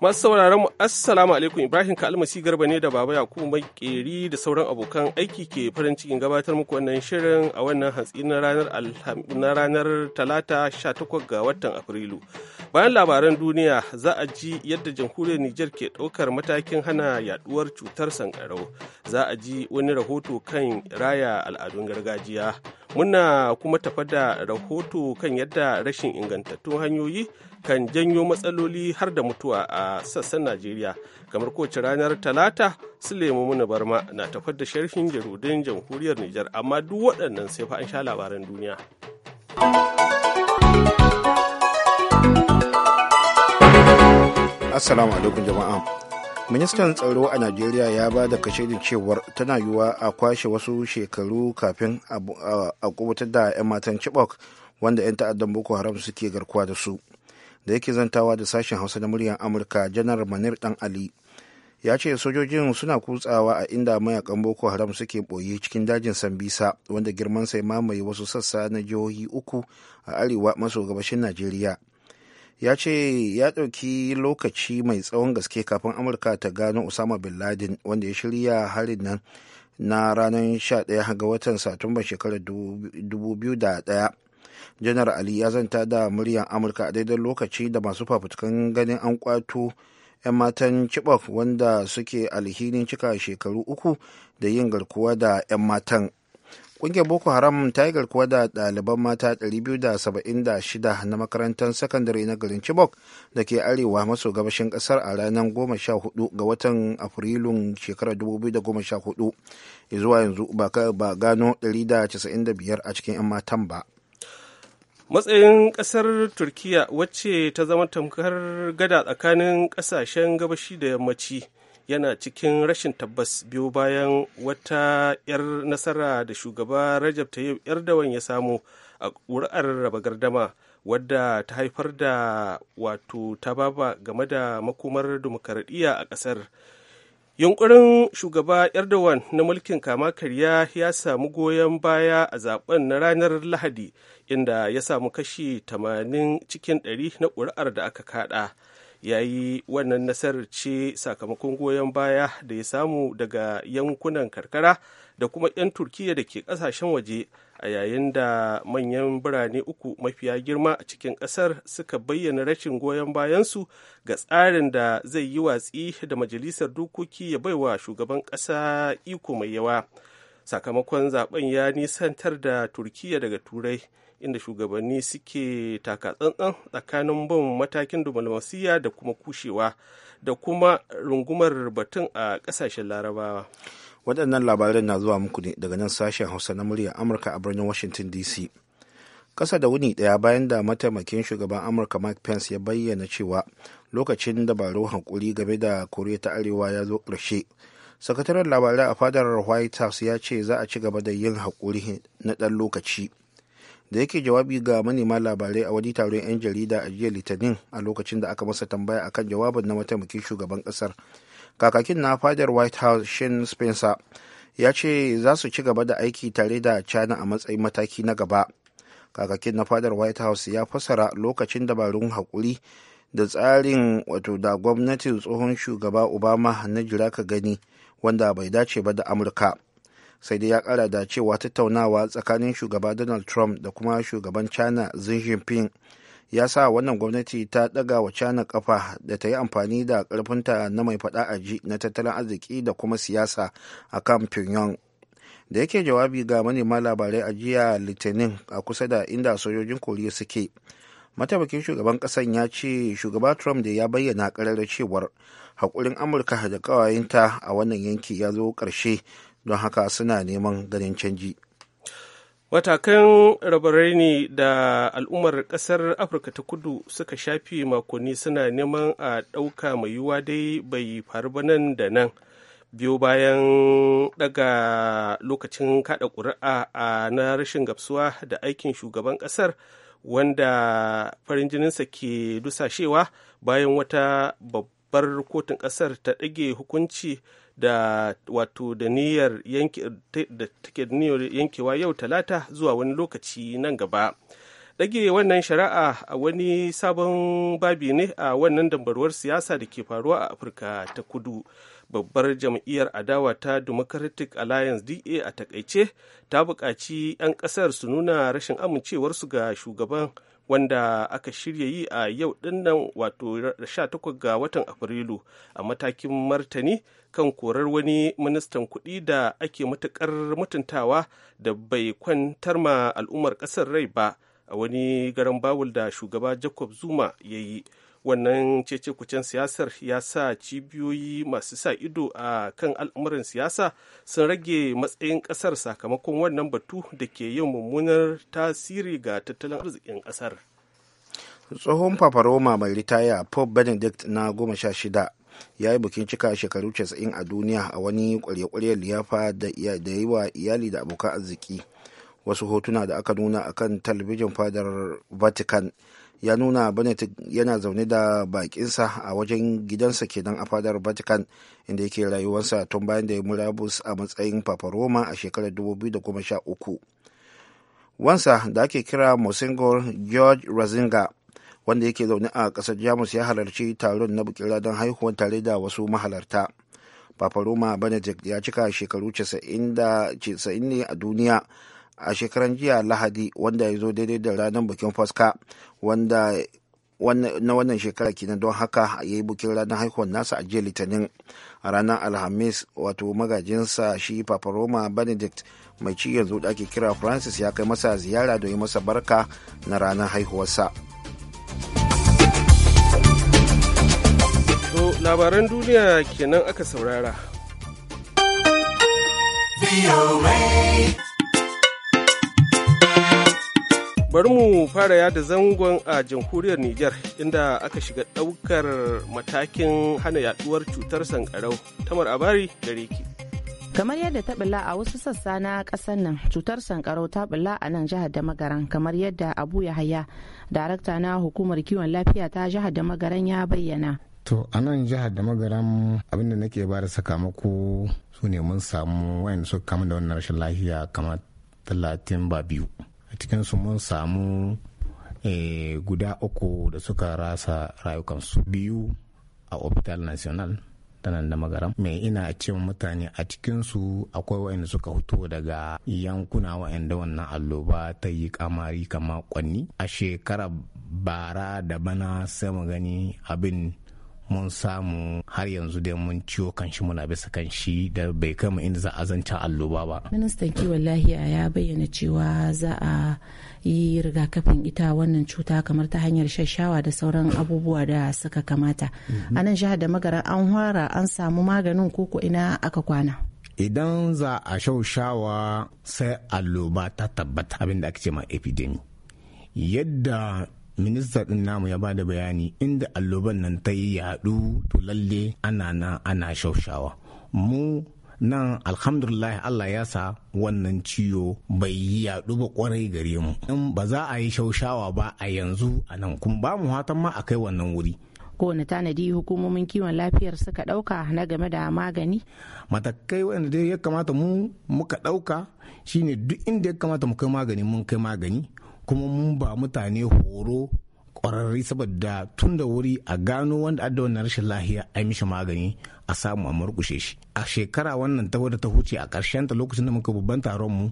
Masu sauraron mu assalamu alaikum Ibrahim Kalmasi Garba ne da Baba Yakubu keri da sauran abokan aiki ke farin cikin gabatar muku wannan shirin a wannan hatsi na ranar na ranar Talata 18 ga watan Afrilu. Bayan labaran duniya za a ji yadda jamhuriyar Niger ke ɗaukar matakin hana yaduwar cutar sankarau. Za a ji wani rahoto kan raya al'adun gargajiya. muna kuma tafa da rahoto kan yadda rashin ingantattun hanyoyi kan janyo matsaloli har da mutuwa a sassan najeriya kamar kowace ranar talata sulemu muna barma na tafar da sharhin jarudin jamhuriyar nijar amma duk waɗannan sai fa an sha labaran duniya assalamu alaikum jama'a ministan tsaro a najeriya ya ba da kashe da cewar tana yiwuwa a kwashe wasu shekaru kafin a kubutar da 'yan matan chibok wanda 'yan ta'addan boko haram suke garkuwa da su da yake zantawa da sashen hausa na muryar amurka janar manir dan ali ya ce sojojin suna kutsawa a inda mayakan boko haram suke ɓoye cikin dajin sambisa wanda girman sai mamaye wasu sassa na jihohi uku a arewa maso gabashin najeriya ya ce ya ɗauki lokaci mai tsawon gaske kafin amurka ta gano usama bin laden wanda ya shirya harin nan na ranar 11 ga watan satumba shekarar 2001 janar ali ya zanta da muryar amurka a daidai lokaci da masu fafutukan ganin an kwato 'yan matan chibok wanda suke alhinin cika shekaru uku da yin garkuwa da 'yan matan Ƙungiyar Boko Haram ta yi garkuwa da ɗaliban mata 276 na makarantar sakandare na garin Chibok da ke arewa maso gabashin ƙasar a ranar 14 ga watan Afrilun shekarar 2014. Zuwa yanzu ba gano 195 a cikin 'yan matan ba. matsayin ƙasar turkiya wacce ta zama tamkar gada tsakanin ƙasashen gabashi da yammaci yana cikin rashin tabbas biyu bayan wata 'yar nasara da shugaba rajab tayyip erdogan ya samu a ƙuri'ar raba gardama wadda ta haifar da wato tababa game da makomar dimokuraɗiyya a ƙasar yunkurin shugaba erdogan na mulkin kama karya ya samu goyon baya a zaben na ranar lahadi inda ya samu kashi 80 cikin 100 na ƙuri'ar da aka kada ya yi wannan nasarar ce sakamakon goyon baya da ya samu daga yankunan karkara da kuma 'yan turkiya da ke kasashen waje a yayin da manyan birane uku mafiya girma a cikin kasar suka bayyana rashin goyon bayansu ga tsarin da zai yi watsi da majalisar dokoki ya baiwa shugaban kasa iko mai yawa sakamakon zaben ya nisantar da turkiyya daga turai inda shugabanni suke taka tsantsan tsakanin bin matakin dumalmasiya da kuma kushewa da kuma rungumar batun a ƙasashen larabawa waɗannan labaran na zuwa muku ne daga nan sashen hausa na muryar amurka a birnin washington dc ƙasa da wuni ɗaya bayan da mataimakin shugaban amurka mike pence ya bayyana cewa lokacin dabarun hankuli game da koriya ta arewa ya zo ƙarshe sakataren labarai a fadar white house ya ce za a ci gaba da yin haƙuri na ɗan lokaci da yake jawabi ga manema labarai a wani taron 'yan jarida a jiya litinin a lokacin da aka masa tambaya akan jawabin na mataimakin shugaban kasar kakakin na fadar white house shin spencer ya ce za su ci gaba da aiki tare da china a matsayin mataki na gaba kakakin na fadar white house ya fassara lokacin dabarun haƙuri da tsarin wato da gwamnatin tsohon shugaba obama na jira ka gani wanda bai dace ba da amurka sai dai ya kara da cewa tattaunawa tsakanin shugaba donald trump da kuma shugaban china xi jinping ya sa wannan gwamnati ta ɗaga wa china kafa da ta yi amfani da karfinta na mai fada a ji na tattalin arziki da kuma siyasa a kan pyongyang da yake jawabi ga manema labarai a jiya litinin a kusa da inda sojojin koriya suke mataimakin shugaban kasan ya ce shugaba trump da ya bayyana kararra cewar hakurin amurka da ƙawayenta a wannan yanki ya zo ƙarshe don haka suna neman ganin canji watakan rabarai ne da al'ummar ƙasar afirka ta kudu suka shafi makonni suna neman a ɗauka mai yiwuwa dai bai faru ba nan da nan biyo bayan daga lokacin kada ƙuri'a a na rashin gabsuwa da aikin shugaban ƙasar wanda farin jininsa ke dusashewa bayan wata babbar kotun ƙasar ta ɗage hukunci da wato da niyyar da niyyar yankewa yau talata zuwa wani lokaci nan gaba ɗage wannan shari'a a wani sabon babi ne a wannan dambarwar siyasa da ke faruwa a afirka ta kudu babbar jam'iyyar adawa ta democratic alliance da a takaice ta buƙaci 'yan ƙasar su nuna rashin amincewarsu ga shugaban wanda aka shirya yi a yau dinnan wato 18 ga watan afrilu a matakin martani kan korar wani ministan kuɗi da ake matuƙar mutuntawa da bai kwantar ma al'ummar ƙasar rai ba a wani garan bawul da shugaba jacob zuma ya yi wannan cece-kucen siyasar ya sa cibiyoyi masu sa ido a kan al'amuran siyasa sun rage matsayin kasar sakamakon wannan batu da ke yin mummunar tasiri ga tattalin arzikin kasar. tsohon paparoma mai ritaya pope benedict na goma sha shida ya yi bikin cika shekaru 90 a duniya a wani kwarye-kwaryen liyafa da yi wa iyali da abokan arziki wasu hotuna da aka nuna a kan talabijin fadar vatican ya nuna benedict yana zaune da bakinsa a wajen gidansa kenan a fadar vatican inda yake rayuwarsa tun bayan da ya murabus a matsayin papa roma a shekarar 2013 wansa da ake kira mosingor george razinga wanda yake zaune a ƙasar jamus ya halarci taron na bukira don haihuwan tare da wasu mahalarta papa roma benedict ya cika shekaru 90 ne a duniya a shekaran jiya lahadi wanda ya zo daidai da ranar bikin faska wanda na wannan shekara kenan don haka ya yi bukin ranar haihuwar nasa a jiya litinin a ranar alhamis wato magajinsa shi roma benedict mai ci yanzu da ake kira francis ya kai masa ziyara da yi masa barka na ranar haihuwarsa to labaran duniya kenan aka saurara bari mu fara yada zangon a jamhuriyar niger inda aka shiga daukar matakin hana yaduwar cutar sankarau. Tamar Abari gare ki. kamar yadda ta bula a wasu sassa na kasar nan cutar sankarau ta bula a nan jihar da magaran kamar yadda abu ya haya darakta na hukumar kiwon lafiya ta jihar da magaran ya bayyana to a nan jihar da magaran abinda nake ba da sakamako su ne mun samu wayan suka kama da wannan rashin lafiya kamar talatin ba biyu cikinsu mun samu eh, guda uku da suka rasa rayukansu biyu a hospital national tanan da magaram mai ina ce mutane a cikinsu akwai wa'anda suka fito daga yankuna wa'anda wannan alloba ta yi kamari kama kwanni a shekarar bara da bana sai mu gani abin mun samu har yanzu dai mun ciwo kanshi muna bisa kanshi da bai kama inda za a zanta alloba ba ministan kiwon lahiya ya bayyana cewa za a yi rigakafin ita wannan cuta kamar ta hanyar shashawa da sauran abubuwa da suka kamata mhm. a nan jihar da magara an hara an samu maganin koko ina aka kwana idan za a shaushawa sai alloba ta tabbata abin da ake ce ma epidemi yadda minista din namu ya bada bayani inda alloban nan ta yi yadu to lalle ana nan ana shaushawa mu nan alhamdulillah Allah ya sa wannan ciwo bai yi yaɗu ba kwarai gare mu in ba za a yi shaushawa ba a yanzu a nan kuma ba mu hatan ma a kai wannan wuri kowane tanadi hukumomin kiwon lafiyar suka ɗauka na game da magani matakai wanda dai ya kamata mu muka ɗauka shine duk inda ya kamata mu kai magani mun kai magani kuma mun ba mutane horo ƙwararri saboda tun da wuri a gano wanda adda wannan rashin lahiya a mishi magani a samu a murkushe shi a shekara wannan ta wadda ta huce a ƙarshen ta lokacin da muka babban taron mu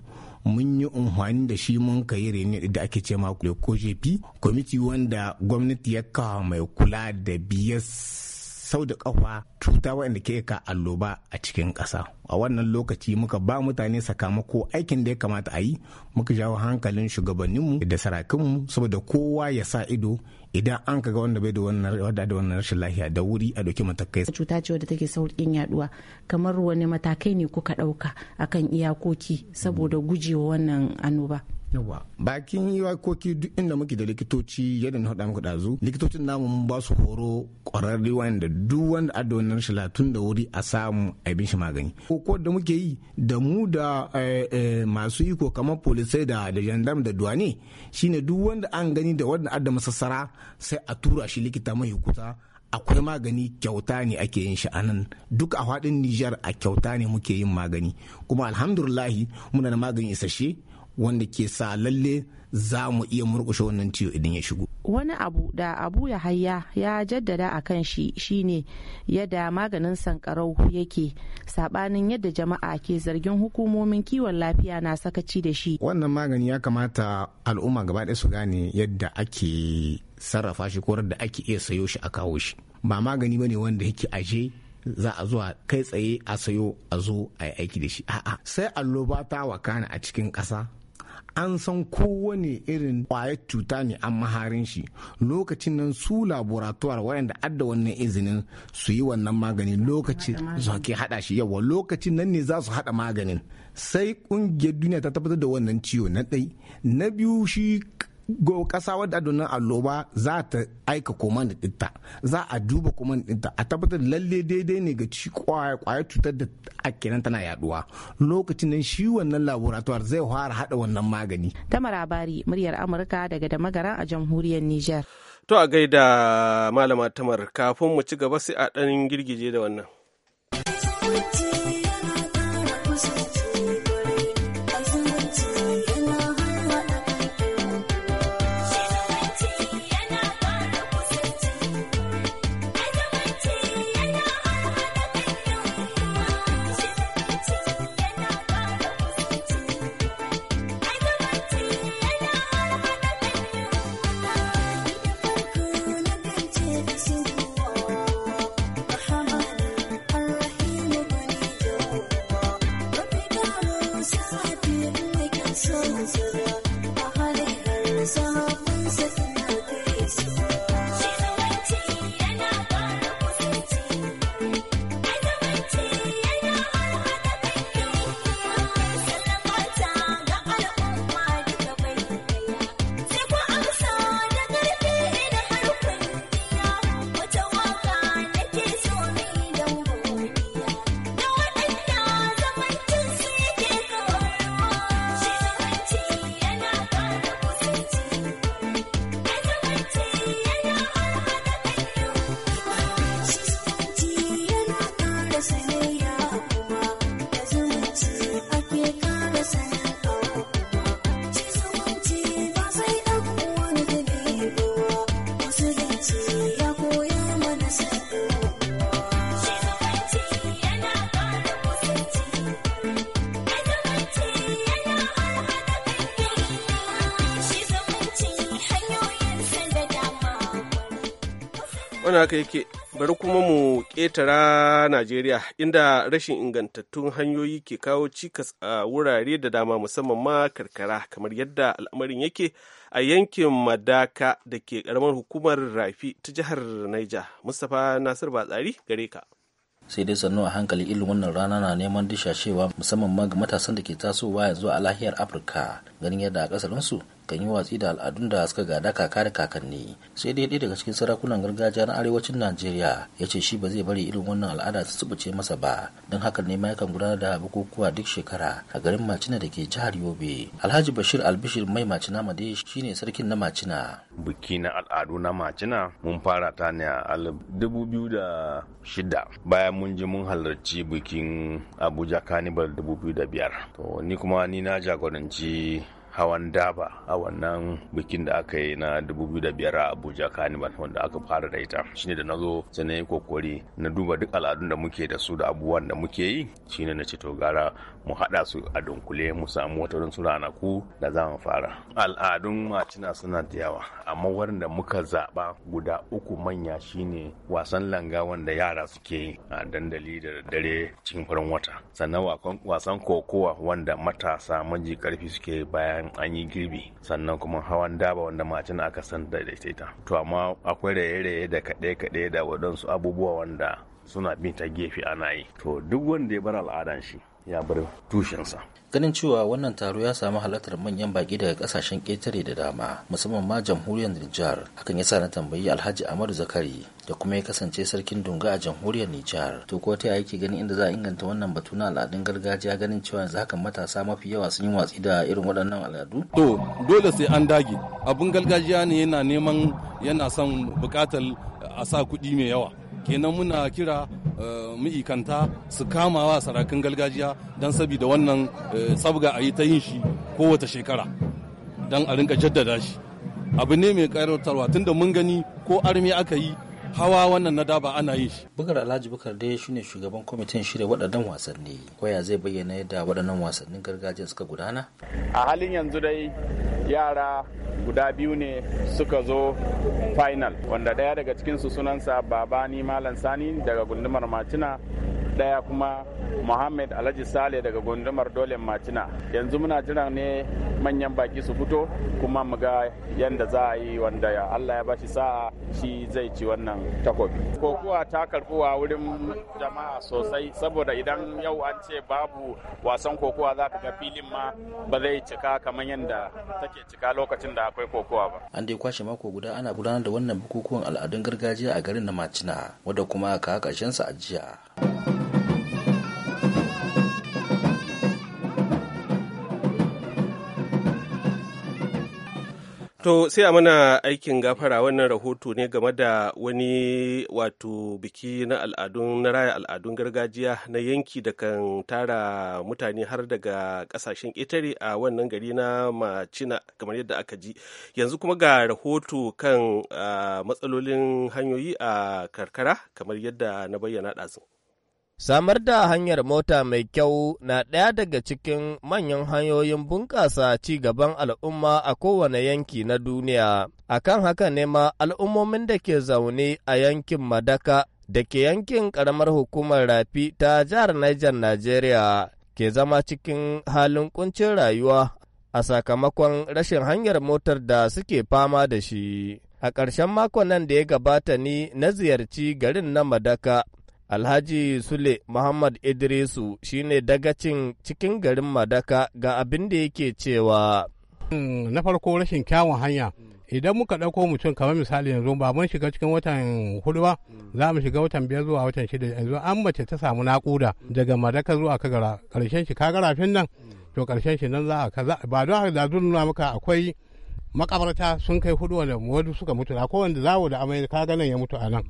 mun yi unhwani da shi mun ka yi rene da ake ce ma ko jp kwamiti wanda gwamnati ya kawo mai kula da biyas sau da ƙafa cuta waɗanda ke ka alloba a cikin ƙasa a wannan lokaci muka ba mutane sakamako aikin da ya kamata a yi muka jawo hankalin shugabanninmu da sarakinmu saboda kowa ya sa ido idan an kaga wanda bai da wannan rashin lafiya da wuri a doki matakai cuta ce wadda take saukin yaɗuwa kamar wani matakai ne kuka dauka akan iyakoki saboda gujewa wannan annoba yawa bakin koki duk inda muke da likitoci yadda na haɗa muku ɗazu likitocin namu ba su horo kwararri wanda duk wanda a da shi tun da wuri a samu abin shi magani ko da muke yi da mu da eh, eh, masu iko kamar polisai da da gendarme da duwane shine duk wanda an gani da wanda adda masassara sai a tura shi likita mai kusa akwai magani kyauta ne ake yin shi a nan duk a faɗin Nijar a kyauta ne muke yin magani kuma alhamdulillahi muna da magani isasshe wanda ke sa lalle za mu iya murkushe wannan ciwo idan ya shigo. Wani abu da abu ya haya ya jaddada a kan shi shine yadda maganin sankarau yake sabanin yadda jama'a ke zargin hukumomin kiwon lafiya na sakaci da shi. Wannan magani ya kamata al'umma gaba su gane yadda ake sarrafa shi ko da ake iya sayo shi a kawo shi. Ba magani bane wanda yake aje za a zuwa kai tsaye a sayo a zo a yi aiki da shi a'a sai ba ta wakana a cikin ƙasa an san kowane irin kwayar cuta ne an maharin shi lokacin nan su laboratuwar wayanda adda wannan izinin su yi wannan magani lokacin su ke hada shi yawa lokacin nan ne za su hada maganin sai kungiyar duniya ta tabbatar da wannan ciwo na ɗai na biyu shi kasa wadda adonan alloba za ta aika koma ɗinta za a duba da ɗinta a tabbatar lalle daidai ne ga ci kwaya cutar da kenan tana yaduwa lokacin nan shi wannan laboratoire zai fara hada wannan magani ta marabari muryar amurka daga da magara a jamhuriyar niger to a gaida malama tamar kafin mu ci gaba sai a ɗan girgije da wannan wani haka yake bari kuma mu ƙetara najeriya inda rashin ingantattun hanyoyi ke kawo cikas a wurare da dama musamman ma karkara kamar yadda al'amarin yake a yankin madaka da ke karamar hukumar rafi ta jihar niger mustapha nasir batsari gare ka sai dai sannu a hankali irin wannan rana na neman dishashewa musamman ma ga matasan da ke tasowa yanzu a lahiyar afirka ganin yadda a kasarinsu kan yi watsi da al'adun da suka gada kaka da kakanni sai dai ɗaya daga cikin sarakunan gargajiya na arewacin najeriya ya ce shi ba zai bari irin wannan al'ada su subuce masa ba don hakan ne ma yakan gudanar da bukukuwa duk shekara a garin macina da ke jihar yobe alhaji bashir albishir mai macina made shine sarkin na macina biki na al'adu na macina mun fara ta ne a shida bayan mun je mun halarci bikin abuja carnival biyar. to ni kuma ni na jagoranci hawan daba a wannan bikin da aka yi na 2005 a abuja carnival wanda aka fara da ita shine da nazo zo na yi kokori na duba duk al'adun da muke da su da abubuwan da muke yi shine na ce to gara mu haɗa su a dunkule mu samu wata wurin su ranaku da za mu fara al'adun macina suna da yawa amma wurin da muka zaba guda uku manya shine wasan langa wanda yara suke yi a dandali da dare cikin farin wata sannan wasan kokowa wanda matasa maji karfi suke bayan an yi girbi sannan kuma hawan daba wanda macin aka san da ita to amma akwai raye-raye da kaɗe-kaɗe da waɗansu abubuwa wanda suna bin ta gefe ana yi to duk wanda ya bar al'adan shi ya bar tushensa ganin cewa wannan taro ya samu halartar manyan baki daga kasashen ƙetare da dama musamman ma jamhuriyar Nijar hakan ya sa na tambayi Alhaji amadu Zakari da kuma ya kasance sarkin Dunga a jamhuriyar Nijar to ko ta yake gani inda za a inganta wannan batu na al'adun gargajiya ganin cewa yanzu hakan matasa mafi yawa sun yi watsi da irin waɗannan al'adu to dole sai an dage abun gargajiya ne yana neman yana son buƙatar a sa kuɗi mai yawa kenan muna kira eh, mu'ikanta su kama wa sarakin gargajiya don sabida wannan eh, sabga a yi ta yin shi kowace shekara don a rinka jaddada shi abu ne mai ƙarartarwa tunda mun gani ko armi aka yi hawa wannan na daba ana yi bukar alhaji bukar dai ne shugaban kwamitin shirya waɗannan wasanni koya zai bayyana yadda waɗannan wasannin gargajiya suka gudana a halin yanzu dai yara guda biyu ne suka zo final wanda ɗaya daga cikinsu sunansa babani malam sani daga gundumar macina Ɗaya kuma Muhammad Alhaji Sale daga gundumar Dolen Macina. Yanzu muna jiran ne manyan baki su fito kuma mu ga yadda za a yi wanda Allah ya bashi sa'a shi zai ci wannan takobi. Kokuwa ta karbu a wurin jama'a sosai saboda idan yau an ce babu wasan kokuwa za ka ga filin ma ba zai cika kamar yadda take cika lokacin da akwai kokuwa ba. An dai kwashe mako guda ana gudanar da wannan bukukuwan al'adun gargajiya a garin na Macina wadda kuma ka a jiya. To sai a mana aikin gafara wannan rahoto ne game da wani wato biki na al'adun na raya al'adun gargajiya na yanki da kan tara mutane har daga kasashen ƙetare a wannan gari na macina kamar yadda aka ji yanzu kuma ga rahoto kan ah, matsalolin hanyoyi a karkara kamar yadda na bayyana ɗazun. Samar da hanyar mota mai kyau na ɗaya daga cikin manyan hanyoyin bunƙasa ci gaban al'umma a kowane yanki na duniya. A kan haka ne ma al'ummomin da ke zaune a yankin Madaka da ke yankin ƙaramar hukumar rafi ta jihar Niger Najeriya ke zama cikin halin kuncin rayuwa a sakamakon rashin hanyar motar da suke fama da shi. A ƙarshen makon nan da ya gabata ni na ziyarci garin na Madaka Alhaji Sule Muhammad Idrisu shine dagacin cikin garin Madaka ga abin da yake cewa. Mm, na farko rashin kyawun hanya. Idan muka ɗauko mutum kamar misali yanzu ba mun shiga cikin watan hudu ba za mu shiga watan biyar zuwa watan shida yanzu an mace ta samu naƙuda daga Madaka zuwa Kagara ƙarshen shi Kagara fin nan to ƙarshen shi nan za a kaza ba don haka da nuna maka akwai makabarta sun kai hudu wanda wasu suka mutu a kowanne zawo da amai kaga nan ya mutu a nan.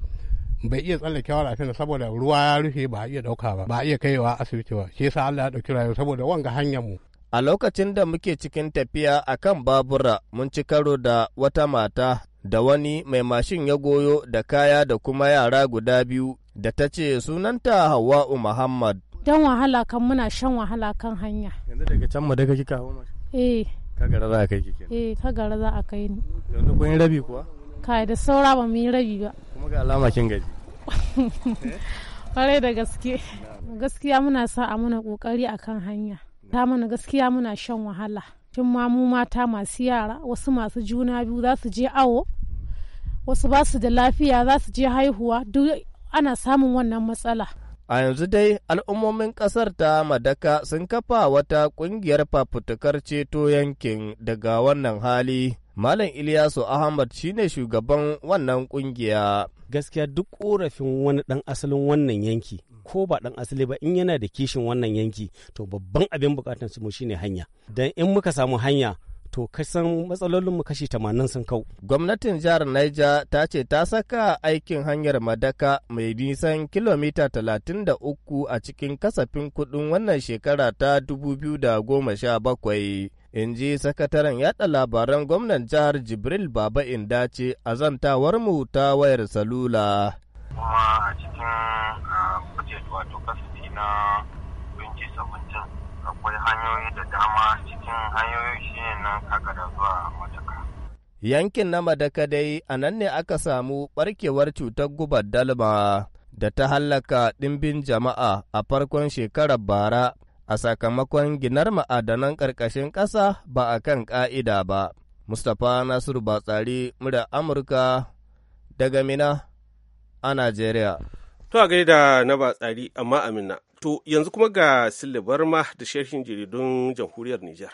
bai iya wa lafiya saboda ruwa ya rufe ba a iya dauka ba ba a iya kaiwa asibiti ba shi yasa Allah ya dauki rayuwa saboda wanga hanyar mu a lokacin da muke cikin tafiya akan babura mun ci karo da wata mata da wani mai mashin ya goyo da kaya da kuma yara guda biyu da ta ce sunanta Hawwa'u Muhammad dan wahala kan muna shan wahala kan hanya yanzu daga can mu daga kika hawo eh kagara za a kai kike eh kagara za a kai ni yanzu kun rabi kuwa kai da saura ba mu yi rabi ba kuma ga alama kin gaji kwarai da gaske gaskiya muna sa a muna kokari akan hanya ta mana gaskiya muna shan wahala tun ma mu mata masu yara wasu masu juna biyu za su je awo wasu ba su da lafiya za su je haihuwa duk ana samun wannan matsala A yanzu dai al'ummomin ƙasar ta Madaka sun kafa wata ƙungiyar fafutukar ceto yankin daga wannan hali Malam Ilyasu Ahmad shi ne shugaban wannan kungiya. Gaskiya duk korafin wani ɗan asalin wannan yanki ko ba ɗan asali ba in yana da kishin wannan yanki to babban abin bukatar mu shine hanya. Dan in muka samu hanya to kasan mu kashi tamanin sun kau. Gwamnatin jihar Niger ta ce ta saka aikin hanyar Madaka mai nisan kilomita talatin da uku a cikin kasafin kuɗin wannan shekara ta dubu biyu da goma sha bakwai. in ji sakataren yada labaran gwamnan jihar jibril baba dace a zantawar mu ta wayar salula kuma a cikin budget wato kasiti na 2017 akwai hanyoyi da dama cikin hanyoyi shine nan kakada zuwa madaka yankin na madaka dai a nan ne aka samu barkewar cutar gubar dalma da ta hallaka ɗimbin jama'a a farkon shekarar bara a sakamakon ginar ma'adanan ƙarƙashin ƙasa ba a kan ƙa'ida ba. Mustapha Nasiru Batsari, murar Amurka daga Mina a Najeriya. To a gaida na Batsari amma Amina. To yanzu kuma ga Silibar ma da sharhin jaridun jamhuriyar Nijar.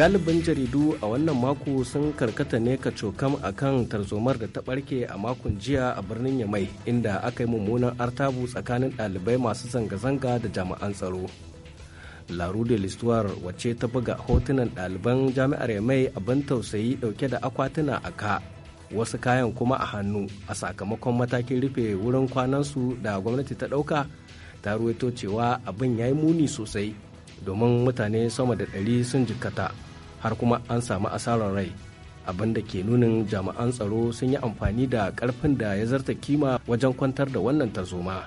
galibin jaridu a wannan mako sun karkata ne ka cokam a kan tarzomar da ta barke a makon jiya a birnin yamai inda aka yi mummunan artabu tsakanin ɗalibai masu zanga-zanga da jami'an tsaro laru de l'histoire wacce ta buga hotunan ɗaliban jami'ar yamai abin tausayi ɗauke da akwatuna a ka wasu kayan kuma a hannu a sakamakon matakin rufe wurin kwanansu da gwamnati ta ɗauka ta ruwaito cewa abin ya yi muni sosai domin mutane sama da ɗari sun jikkata har kuma an samu asarar rai abin da ke nunin jami'an tsaro sun yi amfani da karfin da ya zarta kima wajen kwantar da wannan tarzoma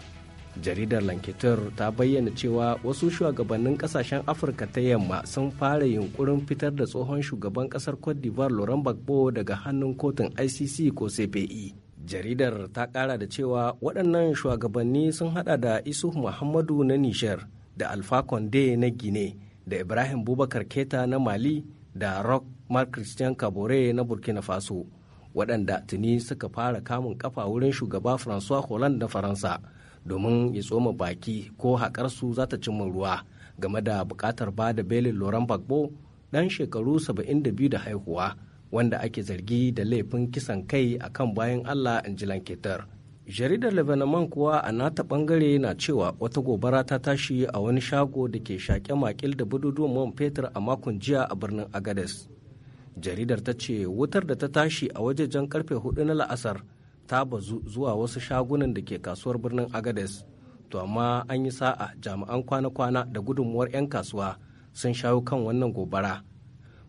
jaridar lankitar ta bayyana cewa wasu shugabannin kasashen afirka ta yamma sun fara yunkurin fitar da tsohon shugaban kasar cote d'ivoire laurent gbagbo daga hannun kotun icc ko cpe jaridar ta kara da cewa waɗannan shugabanni sun hada da isu muhammadu na niger da alfa conde na guinea da ibrahim bubakar keta na mali da rock mark christian kabore na burkina faso waɗanda tuni suka fara kamun kafa wurin shugaba francois hollande na faransa domin ya tsoma baki ko haƙarsu za ta cimma ruwa game da buƙatar ba da belin laurent gbagbo ɗan shekaru 72 da haihuwa wanda ake zargi da laifin kisan kai a kan bayan allah in ji lanketar jaridar lebanon kuwa a nata bangare na cewa wata gobara ta tashi a wani shago da ke shaƙe makil da bududuwan man fetur a makon jiya a birnin agades jaridar ta ce wutar da ta tashi a wajejen karfe hudu na la'asar ta bazu zuwa wasu shagunan da ke kasuwar birnin agades to amma an yi sa'a jami'an kwana-kwana da gudunmuwar 'yan kasuwa sun shawo kan wannan gobara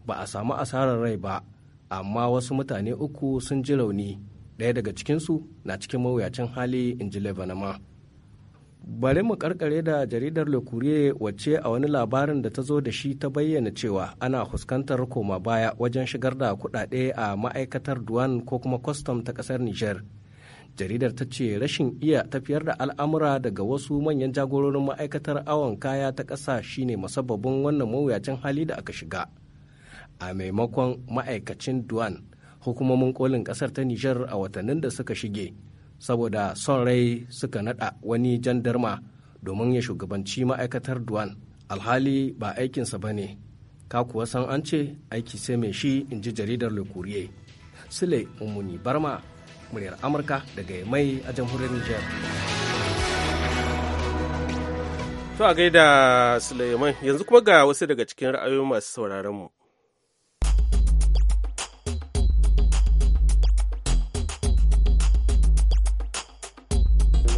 ba a samu asarar rai ba amma wasu mutane uku sun ji rauni ɗaya daga cikinsu na cikin mawuyacin hali in ji lebanama bari mu karkare da jaridar le wacce a wani labarin da ta zo da shi ta bayyana cewa ana fuskantar koma baya wajen shigar da kuɗaɗe a ma'aikatar duwan ko kuma kwastam ta ƙasar niger jaridar ta ce rashin iya tafiyar da al'amura daga wasu manyan jagororin ma'aikatar awon kaya ta ƙasa shine masababin wannan mawuyacin hali da aka shiga a maimakon ma'aikacin duwan hukumomin kolin kasar ta nijar a watannin da suka shige saboda son rai suka nada wani jandarma domin ya shugabanci ma'aikatar duwan alhali ba aikinsa ba ne ka kuwa san an ce aiki sai mai shi in ji jaridar lokuriye sule umuni barma muryar amurka daga mai a jamhuriyar nijar. to a gaida suleiman yanzu kuma ga wasu daga cikin ra'ayoyin masu sauraron mu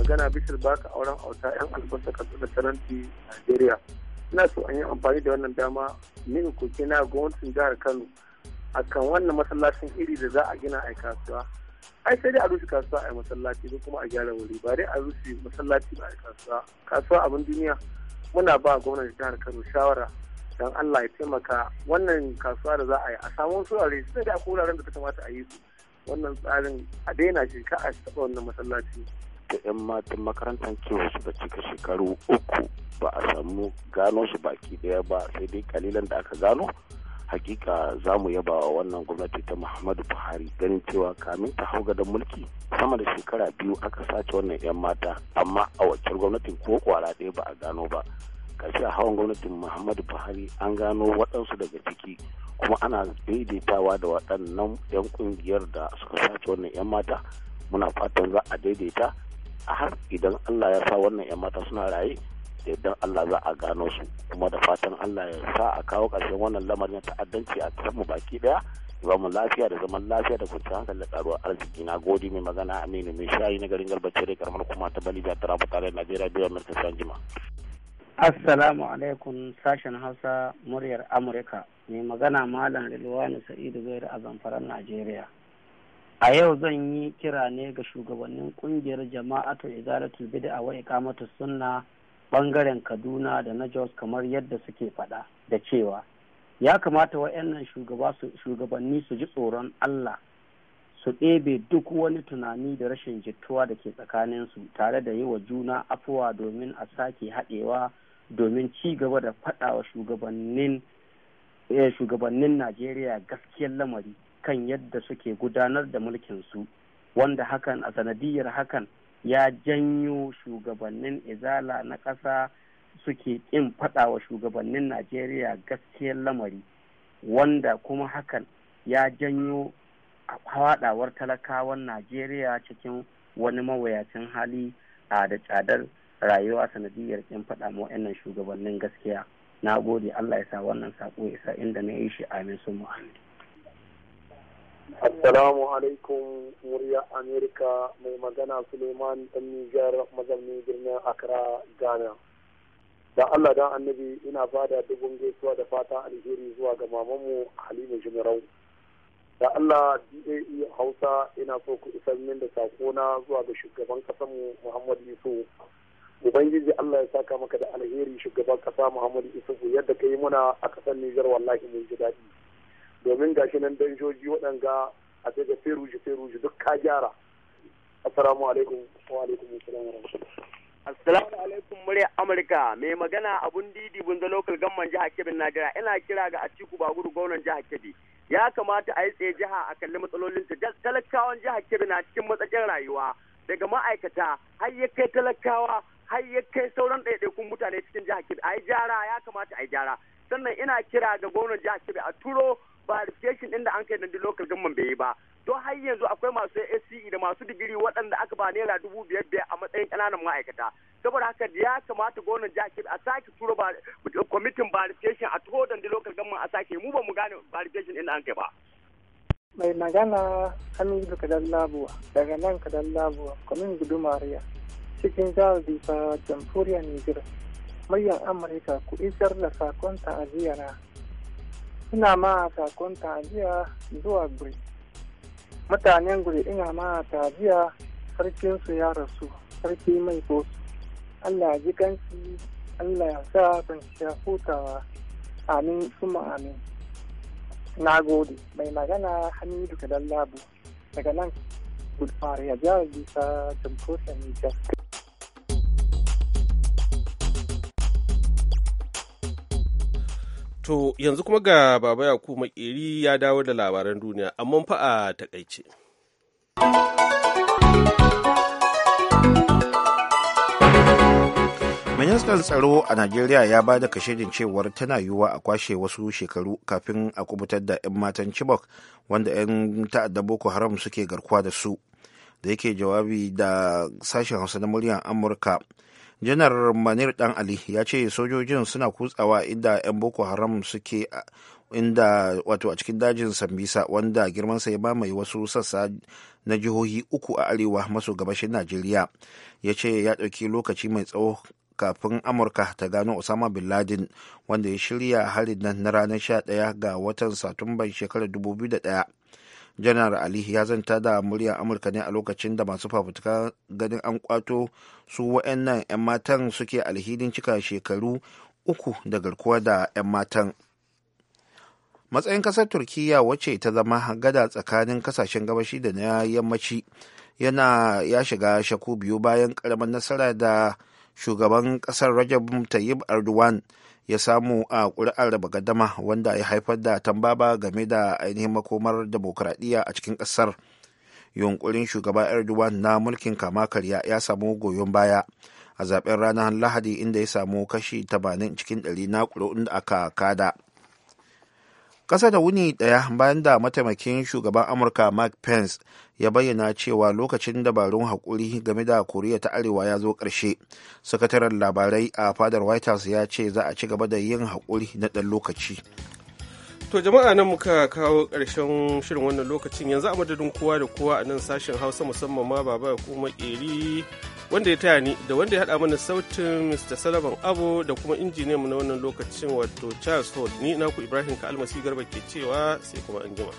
magana ba baka auren auta yan albasa kasar da taranti nigeria ina so an yi amfani da wannan dama ni in koke na gwamnatin jihar kano a kan wannan masallacin iri da za a gina a kasuwa ai sai dai a rushe kasuwa a masallaci ko kuma a gyara wuri ba dai a rushe masallaci ba a kasuwa kasuwa abin duniya muna ba gwamnati jihar kano shawara don allah ya taimaka wannan kasuwa da za a yi a samu surare sai dai a wuraren da ta kamata a yi su wannan tsarin a daina shi ka a taɓa wannan masallaci da 'yan matan makarantar kewa su da cika shekaru uku ba a samu gano su baki daya ba sai dai kalilan da aka gano hakika za mu yaba wa wannan gwamnati ta muhammadu buhari ganin cewa kamin ta hau gadon mulki sama da shekara biyu aka sace wannan 'yan mata amma a waccan gwamnatin ko kwara ɗaya ba a gano ba kashi a hawan gwamnatin muhammadu buhari an gano waɗansu daga ciki kuma ana daidaitawa da waɗannan 'yan ƙungiyar da suka sace wannan 'yan mata muna fatan za a daidaita a har idan Allah ya sa wannan 'yan mata suna raye idan Allah za a gano su kuma da fatan Allah ya sa a kawo ƙarshen wannan lamarin ta'addanci a mu baki daya ba mu lafiya da zaman lafiya da kwanciyar hankali da karuwar arziki na godi mai magana aminu mai shayi na garin garbace da karamar kuma ta bali ta ba tare da najeriya biyar mai kasan jima. assalamu alaikum sashen hausa muryar amurka mai magana malam lilwani sa'idu gairi a zamfaran najeriya. a yau zan yi kira ne ga shugabannin kungiyar jama'atu izalatul bid'a wa iqamatu sunna bangaren kaduna da na jos kamar yadda suke fada da cewa ya kamata wa'annan shugabanni su ji tsoron allah su ɗebe duk wani tunani da rashin jituwa da ke tsakaninsu tare da yi wa juna afuwa domin a sake haɗewa domin ci gaba da faɗa wa eh, shugabannin najeriya gaskiyar lamari kan yadda suke gudanar da mulkinsu wanda hakan a sanadiyar hakan ya janyo shugabannin izala na ƙasa suke ƙin faɗawa shugabannin najeriya gaskiyar lamari wanda kuma hakan ya janyo haɗawar talakawan najeriya cikin wani mawuyacin hali a da tsadar rayuwa sanadiyar ƙin faɗa ma wa'annan shugabannin gaskiya na gode allah ya sa wannan saƙo ya sa inda na yi shi amin sun Assalamu alaikum murya Amerika mai magana Suleiman ɗan Nijar mazaunin birnin Accra Ghana. Da Allah dan annabi ina ba da dubun gaisuwa da fatan alheri zuwa ga mamanmu Halima Jimarau. Da Allah DAE Hausa ina so ku isar min da sakona zuwa ga shugaban ƙasarmu Muhammadu Yusuf. Ubangiji Allah ya saka maka da alheri shugaban kasa Muhammadu Yusuf yadda ka yi muna a kasar Nijar wallahi mun ji daɗi. domin gashi nan danjoji waɗanga a daga feruji feruji duk ka gyara assalamu alaikum wa alaikum assalam Assalamu alaikum murya Amurka mai magana abun didi da local gamman jihar Kebbi Najeriya ina kira ga Atiku Baguru gwamnan jihar Kebbi ya kamata a yi tsaye jiha a kalli matsalolin ta talakawan jihar Kebbi na cikin matsakin rayuwa daga ma'aikata har ya kai talakawa har ya kai sauran ɗaiɗaikun mutane cikin jihar Kebbi a yi jara ya kamata a yi jara sannan ina kira ga gwamnan jihar Kebbi a turo verification din da an kai dandi local government bai yi ba don har yanzu akwai masu SCE da masu digiri waɗanda aka ba naira dubu biyar biyar a matsayin ƙananan ma'aikata saboda haka ya kamata gwamnan jaki a sake tura kwamitin verification a tuho dandi local government a sake mu ba mu gane verification din da an kai ba. mai magana hamidu kadan labuwa daga nan kadan labuwa kwamin gudumariya cikin jihar difa jamhuriyar niger muryar amurka ku isar da sakon ta'aziyya ina ma sakon tajiya zuwa guri mutanen guri ina ma tajiya sarkinsu ya rasu sarki mai kosu allah ji kansu allah ya sa kwanciya hutawa amin suma amin na gode mai magana dan labu daga nan gudfari ya jihar bisa jamhuriyar nijar To yanzu kuma ga Baba Yakubu Makeri ya dawo da labaran duniya, amma fa a takaice. ministan tsaro a najeriya ya ba da kashedin cewar tana yiwuwa a kwashe wasu shekaru kafin a kubutar da 'yan matan chibok wanda 'yan ta'adda boko haram suke garkuwa da su da yake jawabi da sashen hausa na muryar amurka janar manir dan ali ya ce sojojin suna kutsawa inda 'yan boko haram suke inda wato a cikin dajin sambisa wanda girmansa ya mamaye wasu sassa na jihohi uku a arewa maso gabashin najeriya ya ce ya ɗauki lokaci mai tsawo kafin amurka ta gano osama bin laden wanda ya shirya harin nan na ranar 11 ga watan satumban shekarar 2001 janar ali ya zanta da muryar amurka ne a lokacin da masu fafutuka ganin an kwato su wa'annan 'yan matan suke alhinin cika shekaru uku da garkuwa da 'yan matan matsayin kasar turkiya wacce ta zama gada tsakanin kasashen gabashi da na yammaci yana ya shiga shaku biyu bayan karamin nasara da shugaban kasar rajab tayyib erdogan ya samu a ƙuri'ar raba gadama wanda ya haifar da tambaba game da ainihin makomar demokuraɗiyya a cikin ƙasar yunkurin shugaba erdogan na mulkin kama karya ya samu goyon baya a zaben ranar lahadi inda ya samu kashi 80 cikin ɗari na ƙuri'un da aka kada ƙasa da wuni ɗaya bayan da mataimakin shugaban amurka mark pence ya bayyana cewa lokacin dabarun haƙuri game da koriya ta arewa ya zo ƙarshe sakataren labarai a fadar white house ya ce za a ci gaba da yin haƙuri na ɗan lokaci to jama'a nan muka kawo ƙarshen shirin wannan lokacin yanzu a madadin kowa da kowa a nan sashen hausa musamman ma baba kuma ƙeri wanda ya taya ni da wanda ya haɗa mana sautin mr salaman abu da kuma injiniyan mu na wannan lokacin wato charles hall ni naku ibrahim ka almasi garba ke cewa sai kuma an anjima.